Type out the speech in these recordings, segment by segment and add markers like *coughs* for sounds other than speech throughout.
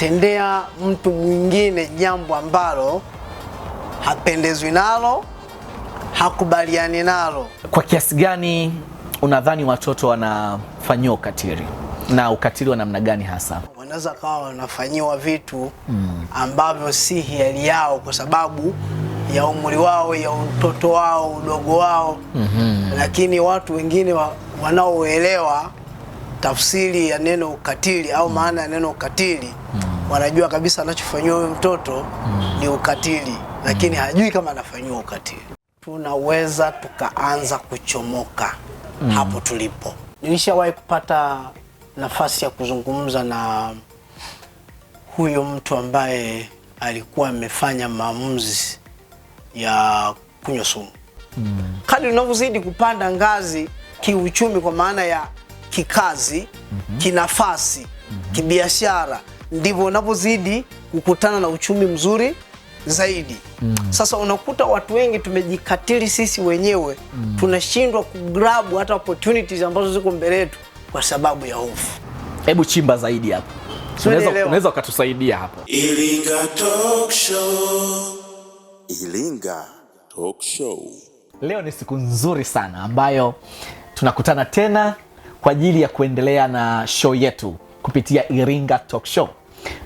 kumtendea mtu mwingine jambo ambalo hapendezwi nalo, hakubaliani nalo. Kwa kiasi gani unadhani watoto wanafanyiwa ukatili na ukatili wa namna gani hasa? Wanaweza kawa wanafanyiwa vitu ambavyo si hiari yao kwa sababu ya umri wao, ya utoto wao, udogo wao mm -hmm. Lakini watu wengine wa, wanaoelewa tafsiri ya neno ukatili au maana ya neno ukatili mm -hmm wanajua kabisa anachofanyiwa huyu mtoto hmm. ni ukatili, lakini hmm. hajui kama anafanyiwa ukatili. Tunaweza tukaanza kuchomoka hmm. hapo tulipo. Nilishawahi kupata nafasi ya kuzungumza na huyo mtu ambaye alikuwa amefanya maamuzi ya kunywa sumu mm. Kadri unavyozidi kupanda ngazi kiuchumi, kwa maana ya kikazi mm -hmm. kinafasi mm -hmm. kibiashara ndivyo unavyozidi kukutana na uchumi mzuri zaidi. Mm. Sasa unakuta watu wengi tumejikatili sisi wenyewe mm. tunashindwa kugrab hata opportunities ambazo ziko mbele yetu kwa sababu ya hofu. Hebu chimba zaidi hapo, unaweza ukatusaidia hapo. Iringa Talk Show. Iringa Talk Show. Leo ni siku nzuri sana ambayo tunakutana tena kwa ajili ya kuendelea na show yetu kupitia Iringa Talk Show.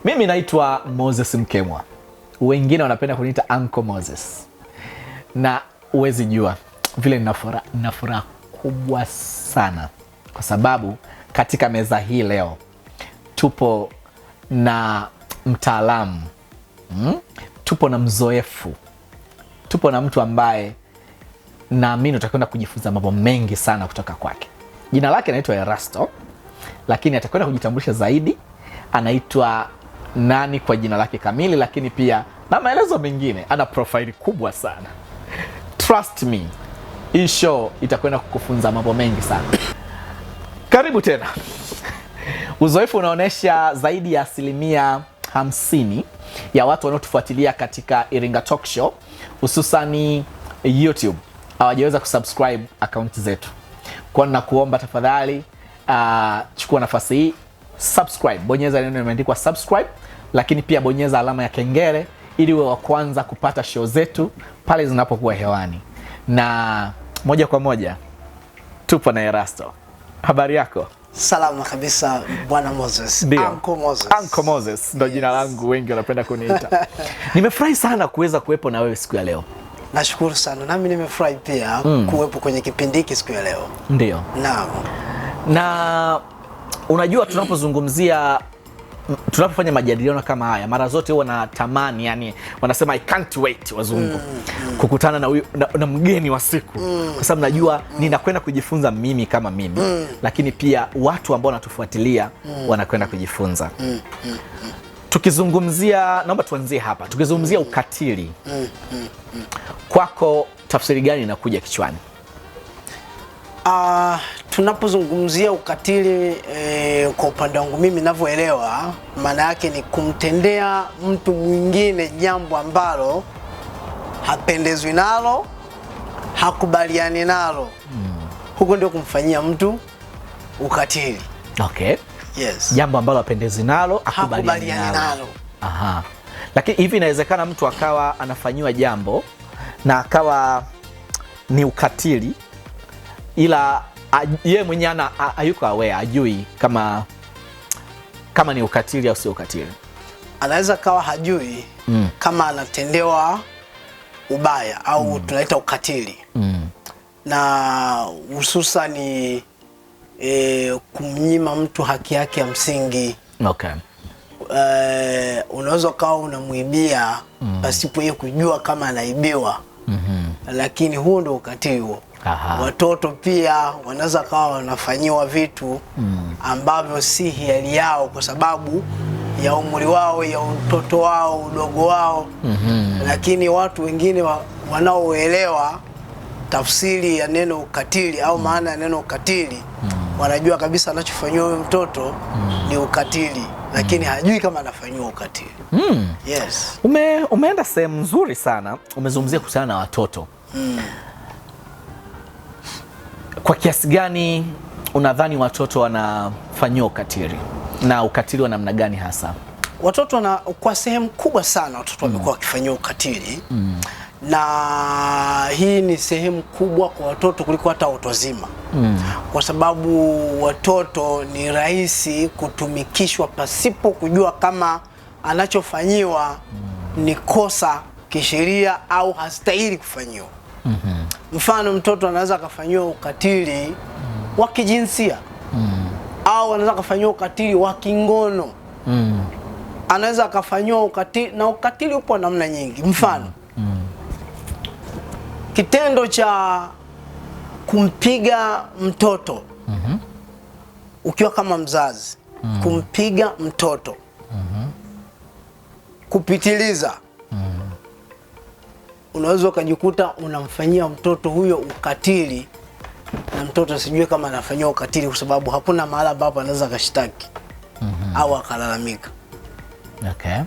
Mimi naitwa Moses Mkemwa, wengine wanapenda kuniita Uncle Moses, na huwezi jua vile nina furaha, nina furaha kubwa sana kwa sababu katika meza hii leo tupo na mtaalamu hmm? tupo na mzoefu, tupo na mtu ambaye naamini utakwenda kujifunza mambo mengi sana kutoka kwake. Jina lake anaitwa Erasto, lakini atakwenda kujitambulisha zaidi anaitwa nani kwa jina lake kamili, lakini pia na maelezo mengine. Ana profaili kubwa sana. Trust me, hii show itakwenda kukufunza mambo mengi sana. *coughs* Karibu tena. *laughs* Uzoefu unaonyesha zaidi ya asilimia hamsini ya watu wanaotufuatilia katika Iringa Talk Show hususani YouTube hawajaweza kusubscribe akaunti zetu, kwa nakuomba tafadhali, uh, chukua nafasi hii subscribe, bonyeza neno limeandikwa subscribe, lakini pia bonyeza alama ya kengele ili uwe wa kwanza kupata show zetu pale zinapokuwa hewani. Na moja kwa moja tupo na Erasto, habari yako? Salama kabisa bwana Moses. Uncle Moses. Uncle Moses ndo yes, jina langu wengi wanapenda kuniita. *laughs* Nimefurahi sana kuweza kuwepo na wewe siku ya leo. Nashukuru sana nami nimefurahi pia mm, kuwepo kwenye kipindi hiki siku ya leo. Ndio. Naam. Na unajua tunapozungumzia tunapofanya majadiliano kama haya mara zote huwa tamani yani wanasema I can't wait wazungu mm, kukutana na, uyu, na, na mgeni wa siku mm, kwa sababu najua mm, ninakwenda kujifunza mimi kama mimi mm, lakini pia watu ambao wanatufuatilia mm, wanakwenda kujifunza mm, mm, mm. Tukizungumzia, naomba tuanzie hapa, tukizungumzia mm. ukatili mm, mm, mm, kwako tafsiri gani inakuja kichwani? Uh, tunapozungumzia ukatili eh, kwa upande wangu mimi ninavyoelewa, maana yake ni kumtendea mtu mwingine jambo ambalo hapendezwi nalo, hakubaliani nalo mm. Huko ndio kumfanyia mtu ukatili. Okay. Yes. Jambo ambalo hapendezwi nalo, hakubaliani nalo. Nalo. Aha. Lakini hivi inawezekana mtu akawa anafanyiwa jambo na akawa ni ukatili ila yeye mwenyewe ana hayuko aware, ajui kama kama ni ukatili au sio ukatili. Anaweza kawa hajui mm. kama anatendewa ubaya au mm. tunaita ukatili mm. na hususani e, kumnyima mtu haki yake ya msingi okay. E, unaweza ukawa unamwibia mm. pasipo mm. yeye kujua kama anaibiwa mm -hmm. Lakini huo ndio ukatili huo. Aha. Watoto pia wanaweza kawa wanafanyiwa vitu mm. ambavyo si hiari yao kwa sababu ya umri wao, ya utoto wao, udogo wao mm -hmm. Lakini watu wengine wa, wanaoelewa tafsiri ya neno ukatili au mm. maana ya neno ukatili mm. wanajua kabisa anachofanyiwa huyo mtoto mm. ni ukatili lakini mm. hajui kama anafanyiwa ukatili mm. Yes. Ume, umeenda sehemu nzuri sana, umezungumzia kuhusiana na watoto mm. Kwa kiasi gani unadhani watoto wanafanyiwa ukatili na ukatili wa namna gani hasa? Watoto wana, kwa sehemu kubwa sana watoto mm. wamekuwa mm. wakifanyiwa ukatili mm. na hii ni sehemu kubwa kwa watoto kuliko hata watu wazima mm. kwa sababu watoto ni rahisi kutumikishwa pasipo kujua kama anachofanyiwa mm. ni kosa kisheria au hastahili kufanyiwa mm -hmm. Mfano, mtoto anaweza akafanyiwa ukatili mm. wa kijinsia mm. au anaweza akafanyiwa ukatili wa kingono mm. anaweza akafanyiwa ukatili, na ukatili upo namna nyingi. Mfano mm. Mm. kitendo cha kumpiga mtoto mm -hmm. ukiwa kama mzazi mm. kumpiga mtoto mm -hmm. kupitiliza unaweza ukajikuta unamfanyia mtoto huyo ukatili, na mtoto sijui kama anafanyia ukatili, kwa sababu hakuna mahala ambapo anaweza akashtaki mm -hmm. au akalalamika. Okay.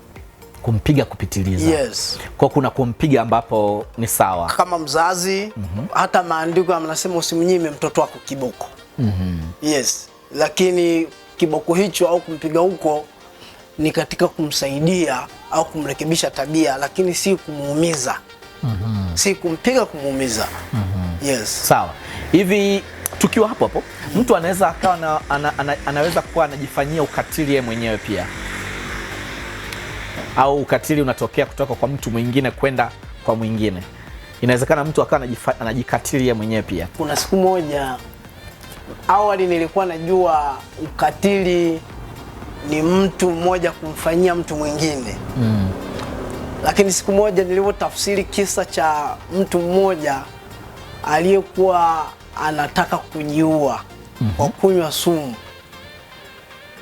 Kumpiga kupitiliza. Yes. Kwa kuna kumpiga ambapo ni sawa kama mzazi mm -hmm. hata maandiko yanasema usimnyime mtoto wako kiboko mm -hmm. yes, lakini kiboko hicho au kumpiga huko ni katika kumsaidia au kumrekebisha tabia, lakini si kumuumiza. -hmm. si kumpiga kumuumiza. mm -hmm. Yes, sawa. Hivi tukiwa hapo hapo, mtu anaweza akawa na, ana, ana, anaweza kuwa anajifanyia ukatili yeye mwenyewe pia, au ukatili unatokea kutoka kwa mtu mwingine kwenda kwa mwingine. Inawezekana mtu akawa anajikatili yeye mwenyewe pia. Kuna siku moja awali nilikuwa najua ukatili ni mtu mmoja kumfanyia mtu mwingine mm. Lakini siku moja nilivyotafsiri kisa cha mtu mmoja aliyekuwa anataka kujiua mm -hmm. kwa mhm. kunywa sumu.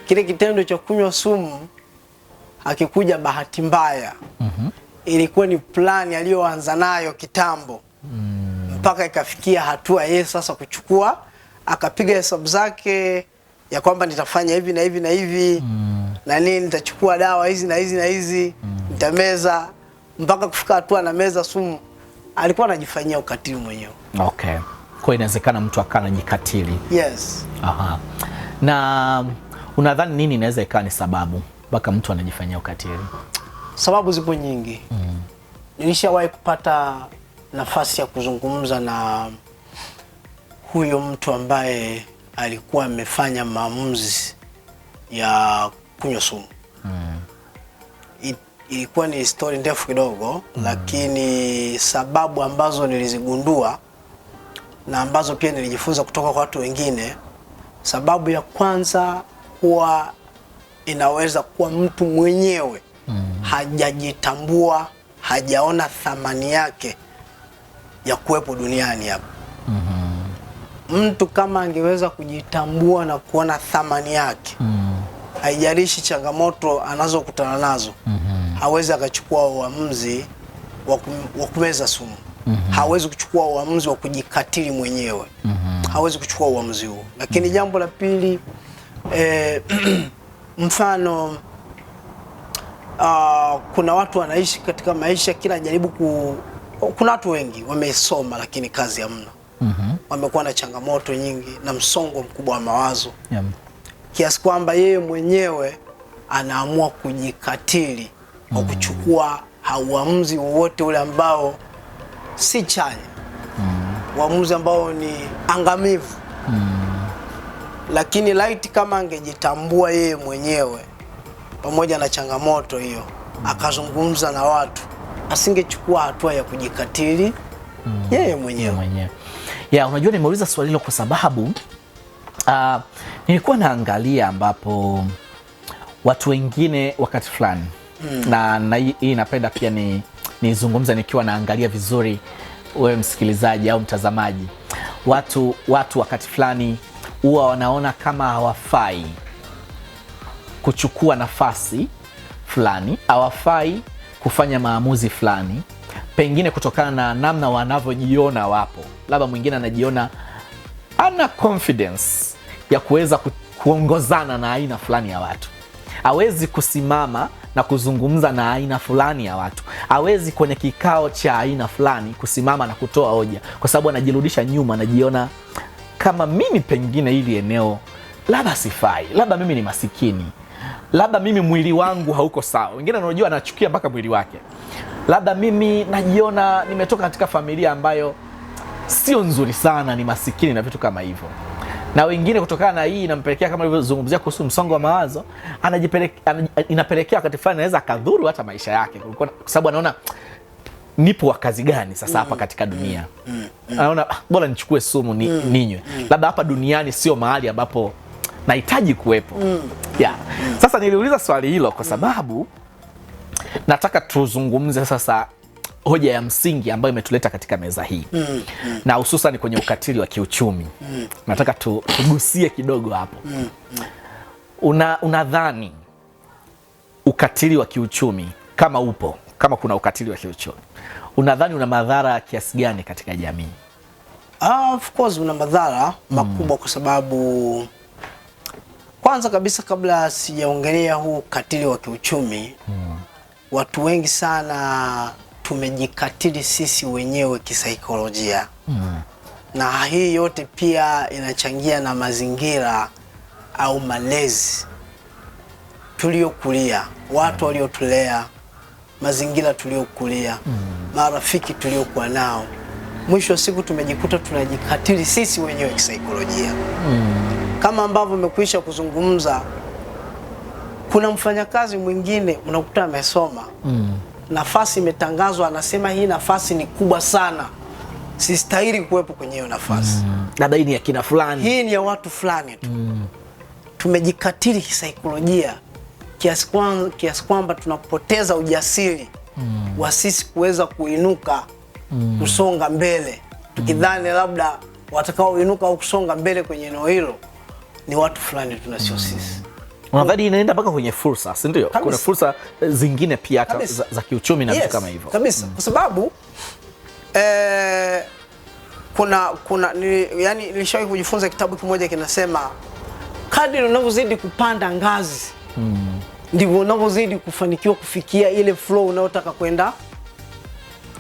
Kile kitendo cha kunywa sumu akikuja bahati mbaya mm -hmm. ilikuwa ni plani aliyoanza nayo kitambo mm -hmm. mpaka ikafikia hatua yeye sasa kuchukua, akapiga hesabu zake ya kwamba nitafanya hivi na hivi na hivi mm -hmm. na nini, nitachukua dawa hizi na hizi na hizi mm -hmm meza mpaka kufika hatua na meza sumu. Alikuwa anajifanyia ukatili mwenyewe. Okay, kwa inawezekana mtu akawa anajikatili. Yes. Aha. Na unadhani nini inaweza ikawa ni sababu mpaka mtu anajifanyia ukatili? Sababu zipo nyingi. Mm. Nilishawahi kupata nafasi ya kuzungumza na huyo mtu ambaye alikuwa amefanya maamuzi ya kunywa sumu. Mm ilikuwa ni stori ndefu kidogo mm. Lakini sababu ambazo nilizigundua na ambazo pia nilijifunza kutoka kwa watu wengine, sababu ya kwanza huwa inaweza kuwa mtu mwenyewe mm. hajajitambua, hajaona thamani yake ya kuwepo duniani hapa mm -hmm. Mtu kama angeweza kujitambua na kuona thamani yake mm. haijarishi changamoto anazokutana nazo mm -hmm hawezi akachukua uamuzi wa kumeza sumu mm -hmm. hawezi kuchukua uamuzi wa kujikatili mwenyewe mm -hmm. hawezi kuchukua uamuzi huo, lakini mm -hmm. jambo la pili eh, *clears throat* mfano uh, kuna watu wanaishi katika maisha kila jaribu ku, kuna watu wengi wamesoma lakini kazi hamna mm -hmm. wamekuwa na changamoto nyingi na msongo mkubwa wa mawazo yeah. kiasi kwamba yeye mwenyewe anaamua kujikatili wa kuchukua hauamuzi wowote ule ambao si chanya uamuzi ambao ni angamivu mm. Lakini laiti kama angejitambua yeye mwenyewe pamoja na changamoto hiyo mm. akazungumza na watu, asingechukua hatua ya kujikatili mm. yeye mwenyewe mwenye. Ya, unajua nimeuliza swali hilo kwa sababu uh, nilikuwa naangalia ambapo watu wengine wakati fulani Hmm. na, na hii napenda pia ni nizungumza nikiwa naangalia vizuri wewe msikilizaji au mtazamaji. Watu watu wakati fulani huwa wanaona kama hawafai kuchukua nafasi fulani, hawafai kufanya maamuzi fulani, pengine kutokana na namna wanavyojiona wapo. Labda mwingine anajiona ana confidence ya kuweza kuongozana na aina fulani ya watu, hawezi kusimama na kuzungumza na aina fulani ya watu. Hawezi kwenye kikao cha aina fulani kusimama na kutoa hoja, kwa sababu anajirudisha nyuma, anajiona kama mimi pengine hili eneo labda sifai, labda mimi ni masikini, labda mimi mwili wangu hauko sawa. Wengine anajua anachukia mpaka mwili wake, labda mimi najiona nimetoka katika familia ambayo sio nzuri sana, ni masikini na vitu kama hivyo na wengine kutokana na hii inampelekea kama ilivyozungumzia kuhusu msongo wa mawazo, inapelekea wakati fulani anaweza akadhuru hata maisha yake, kwa sababu anaona nipo wa kazi gani sasa hapa katika dunia. Anaona ah, bora nichukue sumu ni, ninywe, labda hapa duniani sio mahali ambapo nahitaji kuwepo. Yeah. Sasa niliuliza swali hilo kwa sababu nataka tuzungumze sasa hoja ya msingi ambayo imetuleta katika meza hii mm, mm. na hususan kwenye ukatili wa kiuchumi mm. nataka tu, tugusie kidogo hapo mm, mm. Una, unadhani ukatili wa kiuchumi kama upo kama kuna ukatili wa kiuchumi unadhani una madhara kiasi gani katika jamii? Uh, of course una madhara makubwa mm. kwa sababu kwanza kabisa kabla sijaongelea huu ukatili wa kiuchumi mm. watu wengi sana tumejikatili sisi wenyewe kisaikolojia mm. Na hii yote pia inachangia na mazingira au malezi tuliokulia, watu hmm. waliotulea, mazingira tuliokulia mm. marafiki tuliokuwa nao, mwisho wa siku tumejikuta tunajikatili sisi wenyewe kisaikolojia mm. Kama ambavyo umekwisha kuzungumza, kuna mfanyakazi mwingine unakuta amesoma mm nafasi imetangazwa, anasema hii nafasi ni kubwa sana, sistahili kuwepo kwenye hiyo nafasi mm. labda hii ni ya kina fulani, hii ni ya watu fulani tu mm. tumejikatili kisaikolojia kiasi kwamba kiasi kwamba tunapoteza ujasiri mm. wa sisi kuweza kuinuka mm. kusonga mbele tukidhani mm. labda watakaoinuka au kusonga mbele kwenye eneo hilo ni watu fulani tunasio na mm. sisi unadhani inaenda mpaka kwenye fursa, si ndio? Kuna fursa eh, zingine pia za, za kiuchumi na vitu yes, kama hivyo kabisa mm. kwa sababu eh, kuna kuna ni, yani nilishawahi kujifunza kitabu kimoja kinasema kadri unavyozidi kupanda ngazi mm. ndivyo unavyozidi kufanikiwa kufikia ile flow unayotaka kwenda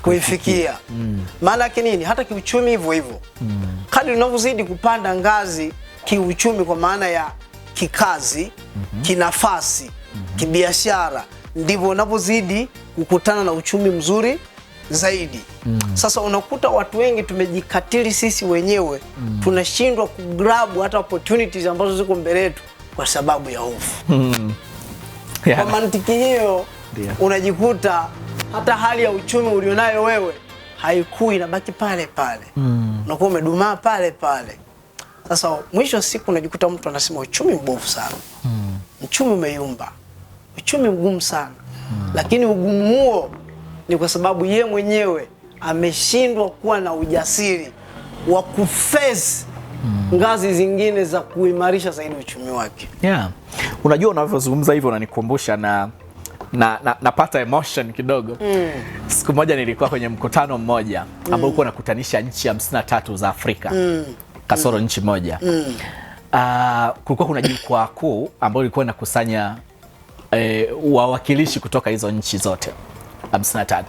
kuifikia mm. maana yake nini? Hata kiuchumi hivyo hivyo mm. kadri unavyozidi kupanda ngazi kiuchumi, kwa maana ya kikazi, kinafasi, kibiashara ndivyo unavyozidi kukutana na uchumi mzuri zaidi. Mm. Sasa unakuta watu wengi tumejikatili sisi wenyewe mm. tunashindwa kugrabu hata opportunities ambazo ziko mbele yetu kwa sababu ya hofu mm. *laughs* yeah. Kwa mantiki hiyo yeah. unajikuta hata hali ya uchumi ulionayo wewe haikui, inabaki pale pale mm. unakuwa umedumaa pale pale. Sasa mwisho wa siku unajikuta mtu anasema uchumi mbovu sana mm. uchumi umeyumba, uchumi mgumu sana mm. Lakini ugumu huo ni kwa sababu ye mwenyewe ameshindwa kuwa na ujasiri wa kufezi mm. ngazi zingine za kuimarisha zaidi uchumi wake. Yeah. Unajua, unavyozungumza hivyo unanikumbusha na na, na, napata emotion kidogo mm. Siku moja nilikuwa kwenye mkutano mmoja ambao mm. uko nakutanisha nchi hamsini na tatu za Afrika mm kasoro mm. nchi moja mm. Uh, kulikuwa kuna jukwaa kuu ambalo lilikuwa linakusanya eh, wawakilishi kutoka hizo nchi zote 53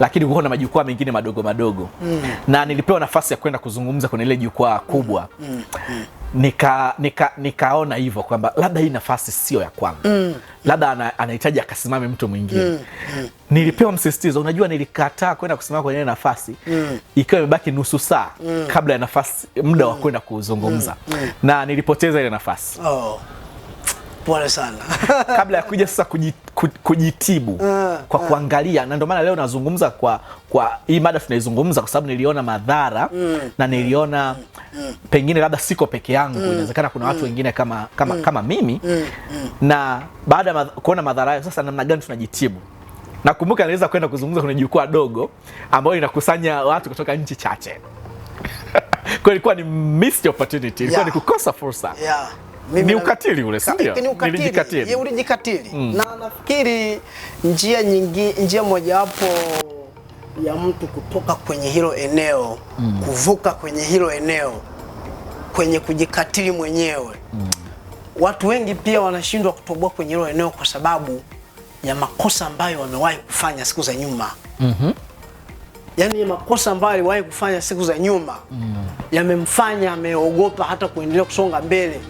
lakini kulikuwa na majukwaa mengine madogo madogo mm. na nilipewa nafasi ya kwenda kuzungumza kwenye ile jukwaa kubwa mm. Mm. mm nika, nika, nikaona hivyo kwamba labda hii nafasi sio ya kwangu mm. labda anahitaji akasimame mtu mwingine mm. mm. nilipewa msisitizo. Unajua, nilikataa kwenda kusimama kwenye nafasi mm. ikiwa imebaki nusu saa mm. kabla ya nafasi muda wa mm. kwenda kuzungumza mm. Mm. na nilipoteza ile nafasi oh. Pole sana *laughs* kabla ya kuja sasa kujitibu uh, kwa uh, kuangalia, na ndio maana leo nazungumza kwa kwa hii mada tunaizungumza kwa sababu niliona madhara mm, mm na niliona mm, mm, pengine labda siko peke yangu mm, inawezekana kuna watu mm, wengine kama kama, mm, kama mimi mm, mm, na baada ya kuona madhara hayo sasa namna gani tunajitibu Nakumbuka naweza kwenda kuzungumza kwenye jukwaa dogo ambayo inakusanya watu kutoka nchi chache. *laughs* Kwa ilikuwa ni missed opportunity, ilikuwa yeah, ni kukosa fursa yeah ni ukatili ule, si ndio? Nilijikatili, ulijikatili mm. Na nafikiri njia nyingi, njia mojawapo ya mtu kutoka kwenye hilo eneo mm. kuvuka kwenye hilo eneo kwenye kujikatili mwenyewe mm. Watu wengi pia wanashindwa kutoboa kwenye hilo eneo kwa sababu ya makosa ambayo wamewahi kufanya siku za nyuma mm -hmm. Yaani makosa ambayo aliwahi kufanya siku za nyuma mm. yamemfanya ameogopa hata kuendelea kusonga mbele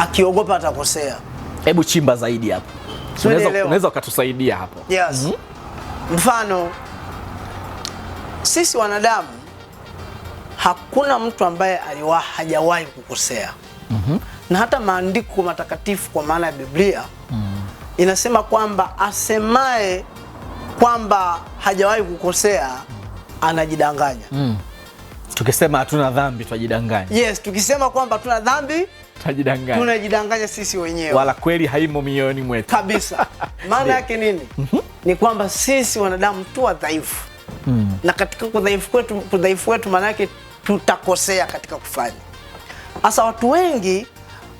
akiogopa atakosea. Hebu chimba zaidi hapo, unaweza ukatusaidia hapo? Yes. Mm -hmm. Mfano sisi wanadamu hakuna mtu ambaye aliwa hajawahi kukosea. mm -hmm. Na hata maandiko matakatifu kwa maana ya Biblia mm -hmm. inasema kwamba asemaye kwamba hajawahi kukosea anajidanganya. mm. Tukisema hatuna dhambi twajidanganya. Yes, tukisema kwamba hatuna dhambi tunajidanganya tunajidanganya sisi wenyewe, wala kweli haimo mioyoni mwetu kabisa. *laughs* maana yake nini? mm -hmm. ni kwamba sisi wanadamu tu wadhaifu mm. na katika kudhaifu kwetu, kudhaifu wetu maana yake tutakosea katika kufanya. Sasa watu wengi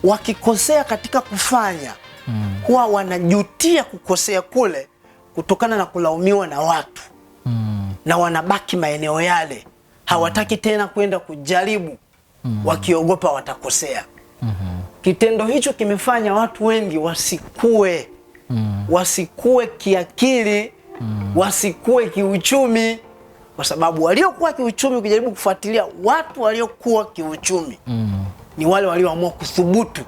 wakikosea katika kufanya mm. huwa wanajutia kukosea kule kutokana na kulaumiwa na watu mm. na wanabaki maeneo yale, hawataki mm. tena kwenda kujaribu mm. wakiogopa watakosea mm -hmm. Kitendo hicho kimefanya watu wengi wasikue mm -hmm. wasikue kiakili mm -hmm. wasikue kiuchumi kwa sababu waliokuwa kiuchumi, ukijaribu kufuatilia watu waliokuwa kiuchumi mm -hmm. ni wale walioamua kuthubutu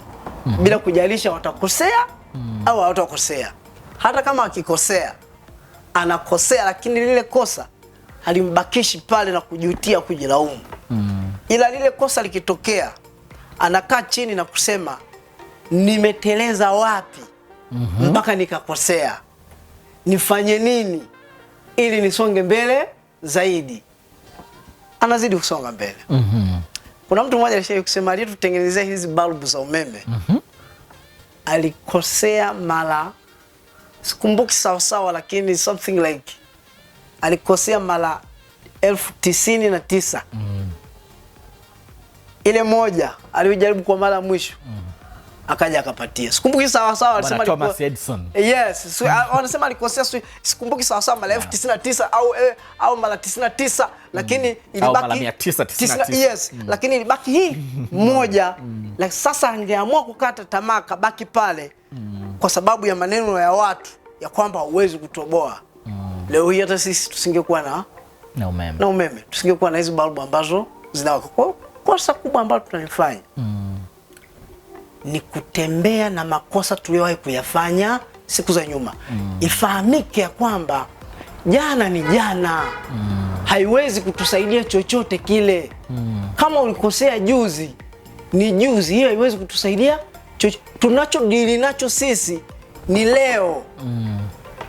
mm -hmm. bila kujalisha watakosea mm -hmm. au hawatakosea. Hata kama akikosea anakosea, lakini lile kosa halimbakishi pale na kujutia, kujilaumu mm -hmm. ila lile kosa likitokea anakaa chini na kusema nimeteleza wapi mm -hmm. mpaka nikakosea, nifanye nini ili nisonge mbele zaidi. Anazidi kusonga mbele mm -hmm. Kuna mtu mmoja alishai kusema aliyetutengenezea hizi balbu za umeme mm -hmm. alikosea mara, sikumbuki sawasawa, lakini something like alikosea mara elfu tisini na tisa mm -hmm ile moja alijaribu kwa mara mwisho mm. akaja akapatia, sikumbuki sawa sawa, alisema Thomas Edison yes so, ah, alikosea, sikumbuki sawa sawa mara elfu tisini au eh, au mara 99 tisa lakini mm. ilibaki mia yes mm. lakini ilibaki hii *laughs* moja mm. sasa angeamua kukata tamaa kabaki pale mm. kwa sababu ya maneno ya watu ya kwamba huwezi kutoboa mm. leo hii hata sisi tusingekuwa na na umeme na umeme tusingekuwa na hizo balbu ambazo zinawaka kosa kubwa ambalo tunalifanya mm. ni kutembea na makosa tuliyowahi kuyafanya siku za nyuma mm. Ifahamike ya kwamba jana ni jana mm. haiwezi kutusaidia chochote kile mm. Kama ulikosea juzi ni juzi, hiyo haiwezi kutusaidia Tunachodili nacho sisi ni leo mm.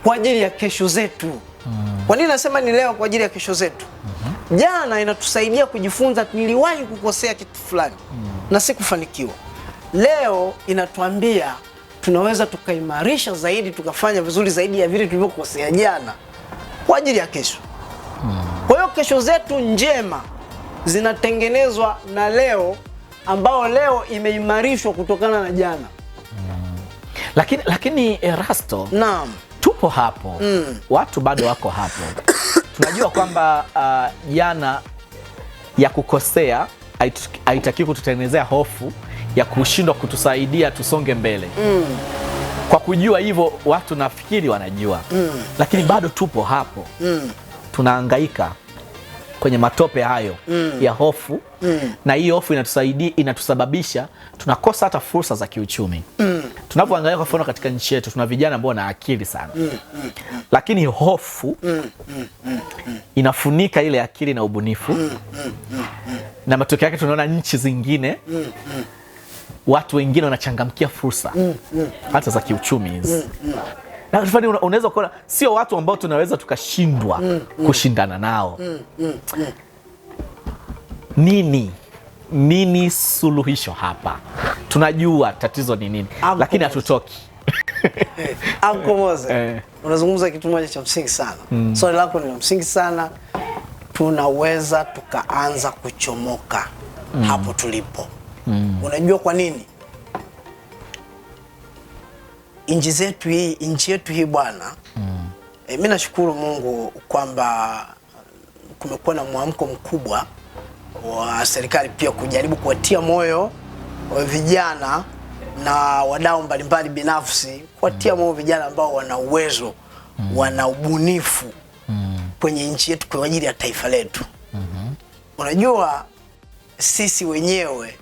kwa ajili ya kesho zetu. Mm. Kwa nini nasema ni leo kwa ajili ya kesho zetu? Mm -hmm. Jana inatusaidia kujifunza niliwahi kukosea kitu fulani mm. na sikufanikiwa. Leo inatuambia tunaweza tukaimarisha zaidi tukafanya vizuri zaidi ya vile tulivyokosea jana kwa ajili ya kesho. Mm. Kwa hiyo kesho zetu njema zinatengenezwa na leo ambao leo imeimarishwa kutokana na jana. Mm. Lakini, lakini Erasto, eh, naam wako hapo mm. Watu bado wako hapo *coughs* tunajua kwamba uh, jana uh, ya kukosea haitakiwi kututengenezea hofu ya kushindwa kutusaidia tusonge mbele mm. Kwa kujua hivyo watu nafikiri wanajua mm. Lakini bado tupo hapo mm. Tunaangaika kwenye matope hayo mm. ya hofu mm. Na hii hofu inatusaidia, inatusababisha tunakosa hata fursa za kiuchumi mm. Tunapoangalia kwa mfano katika nchi yetu tuna vijana ambao wana akili sana mm, mm, mm. lakini hofu inafunika ile akili na ubunifu na matokeo yake tunaona nchi zingine watu wengine wanachangamkia fursa hata za kiuchumi hizi Unaweza kuona sio watu ambao tunaweza tukashindwa kushindana nao Nini nini suluhisho hapa? Tunajua tatizo ni nini, lakini hatutoki Ankomoza *laughs* eh. Unazungumza kitu moja cha msingi sana mm. Swali lako ni la msingi sana, tunaweza tukaanza kuchomoka mm. hapo tulipo mm. Unajua kwa nini nchi zetu hii nchi yetu hii bwana mm. E, mi nashukuru Mungu kwamba kumekuwa na mwamko mkubwa wa serikali pia kujaribu kuwatia moyo vijana na wadau mbalimbali binafsi kuwatia mm. moyo vijana ambao wana uwezo mm. wana ubunifu mm. kwenye nchi yetu kwa ajili ya taifa letu mm -hmm. Unajua, sisi wenyewe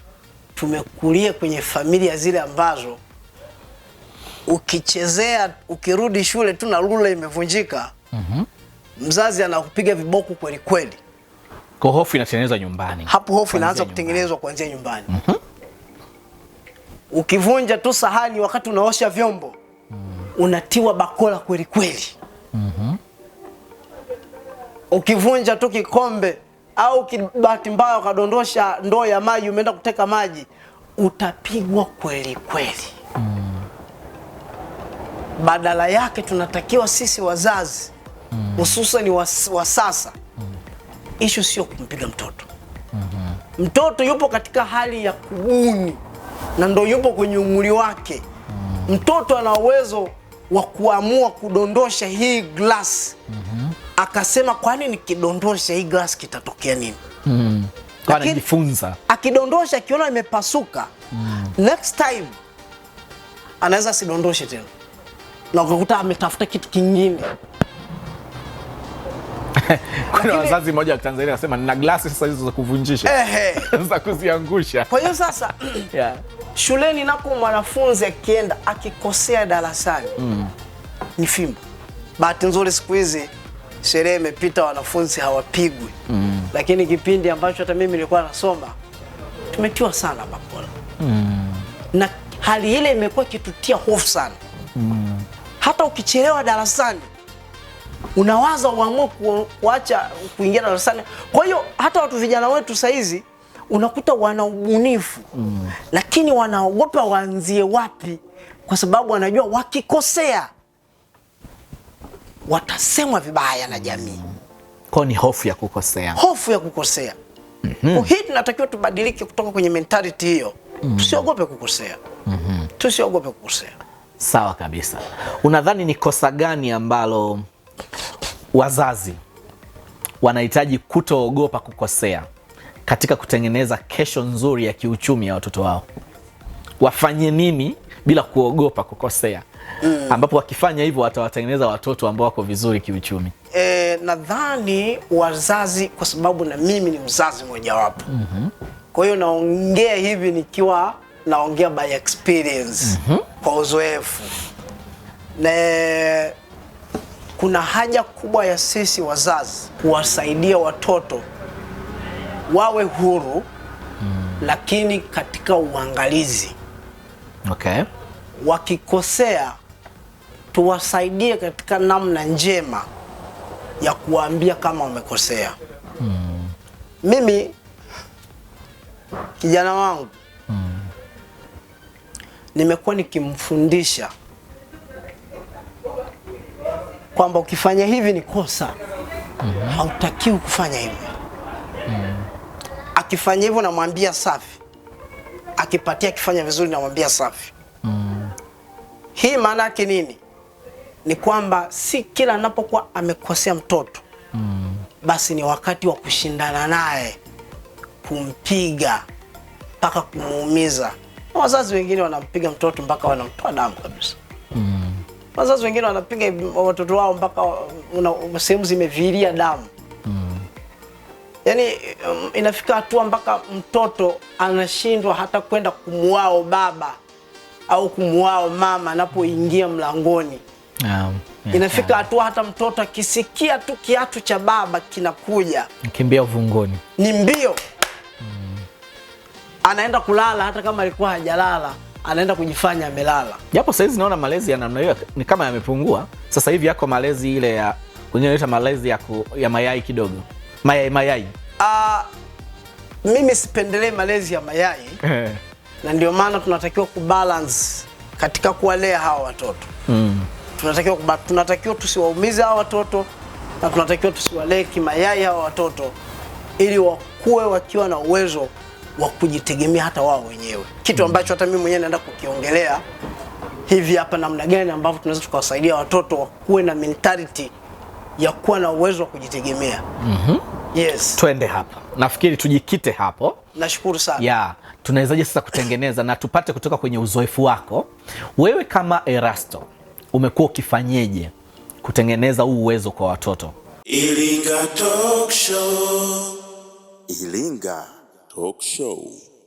tumekulia kwenye familia zile ambazo ukichezea ukirudi shule tu na lula imevunjika mm -hmm. mzazi anakupiga viboko kweli kweli kwa hofu inatengenezwa nyumbani. Hapo hofu inaanza kutengenezwa kuanzia nyumbani. Mm -hmm. Ukivunja tu sahani wakati unaosha vyombo mm -hmm. unatiwa bakola kweli kweli. mm -hmm. Ukivunja tu kikombe au bahati mbaya ukadondosha ndoo ya maji, umeenda kuteka maji, utapigwa kweli kweli. mm Badala yake tunatakiwa sisi wazazi hususani mm wa sasa Ishu sio kumpiga mtoto mm -hmm. Mtoto yupo katika hali ya kubuni na ndo yupo kwenye umri wake mm -hmm. Mtoto ana uwezo wa kuamua kudondosha hii glasi mm -hmm. Akasema kwani nikidondosha hii glasi kitatokea nini? mm -hmm. Anajifunza akidondosha akiona imepasuka mm. Next time anaweza asidondoshe tena na ukakuta ametafuta kitu kingine. *laughs* kuna wazazi moja wa Tanzania anasema nina glasi sasa hizo za kuvunjisha za *laughs* kuziangusha. Kwa hiyo sasa *clears throat* yeah. Shuleni nako mwanafunzi akienda akikosea darasani mm. ni fimbo. Bahati nzuri siku hizi sherehe imepita, wanafunzi hawapigwi mm. lakini kipindi ambacho hata mimi nilikuwa nasoma tumetiwa sana makola mm. na hali ile imekuwa ikitutia hofu sana mm. hata ukichelewa darasani unawaza uamue kuacha kuingia darasani. Kwa hiyo hata watu vijana wetu saizi unakuta wana ubunifu mm. lakini wanaogopa waanzie wapi, kwa sababu wanajua wakikosea watasemwa vibaya na jamii. Mm. Kwa ni hofu ya kukosea, hofu ya kukosea mm -hmm. Hii tunatakiwa tubadilike kutoka kwenye mentality hiyo mm -hmm. Tusiogope kukosea mm -hmm. Tusiogope kukosea. Sawa kabisa. Unadhani ni kosa gani ambalo Wazazi wanahitaji kutoogopa kukosea katika kutengeneza kesho nzuri ya kiuchumi ya watoto wao. Wafanye nini bila kuogopa kukosea? Mm. Ambapo wakifanya hivyo watawatengeneza watoto ambao wako vizuri kiuchumi. E, nadhani wazazi, kwa sababu na mimi ni mzazi mojawapo. mm -hmm. Kwa hiyo naongea hivi nikiwa naongea by experience. mm -hmm. Kwa uzoefu na kuna haja kubwa ya sisi wazazi kuwasaidia watoto wawe huru mm. lakini katika uangalizi. Okay. Wakikosea tuwasaidie katika namna njema ya kuwaambia kama wamekosea. mm. Mimi kijana wangu mm. nimekuwa nikimfundisha kwamba ukifanya hivi ni kosa mm -hmm. hautakiwi kufanya hivyo mm -hmm. akifanya hivyo namwambia safi, akipatia akifanya vizuri namwambia safi mm -hmm. hii maana yake nini? Ni kwamba si kila anapokuwa amekosea mtoto mm -hmm. basi ni wakati wa kushindana naye kumpiga mpaka kumuumiza. Wazazi wengine wanampiga mtoto mpaka wanamtoa damu kabisa. Wazazi wengine wanapiga watoto wao mpaka sehemu zimevilia damu mm. Yaani um, inafika hatua mpaka mtoto anashindwa hata kwenda kumuao baba au kumuao mama anapoingia mlangoni um, yeah, inafika yeah. hatua hata mtoto akisikia tu kiatu cha baba kinakuja kimbia uvungoni, ni mbio mm. anaenda kulala hata kama alikuwa hajalala anaenda kujifanya amelala, japo sahizi naona malezi ya namna hiyo ni kama yamepungua sasa hivi. Yako malezi ile ya kunyonyesha, malezi ya, ku, ya mayai kidogo mayai mayai. Uh, mimi sipendelee malezi ya mayai eh. na ndio maana tunatakiwa kubalance katika kuwalea hawa watoto mm. Tunatakiwa, tunatakiwa tusiwaumize hawa watoto na tunatakiwa tusiwalee kimayai hawa watoto ili wakuwe wakiwa na uwezo wa kujitegemea hata wao wenyewe, kitu ambacho hata mimi mwenyewe naenda kukiongelea hivi hapa, namna gani ambavyo tunaweza tukawasaidia watoto wakuwe na mentality ya kuwa na uwezo wa kujitegemea. mm -hmm. Yes. Twende hapa, nafikiri tujikite hapo. Nashukuru sana yeah. Tunawezaje sasa kutengeneza na tupate kutoka kwenye uzoefu wako wewe, kama Erasto, umekuwa ukifanyeje kutengeneza huu uwezo kwa watoto? Iringa Talk Show. Iringa talk show.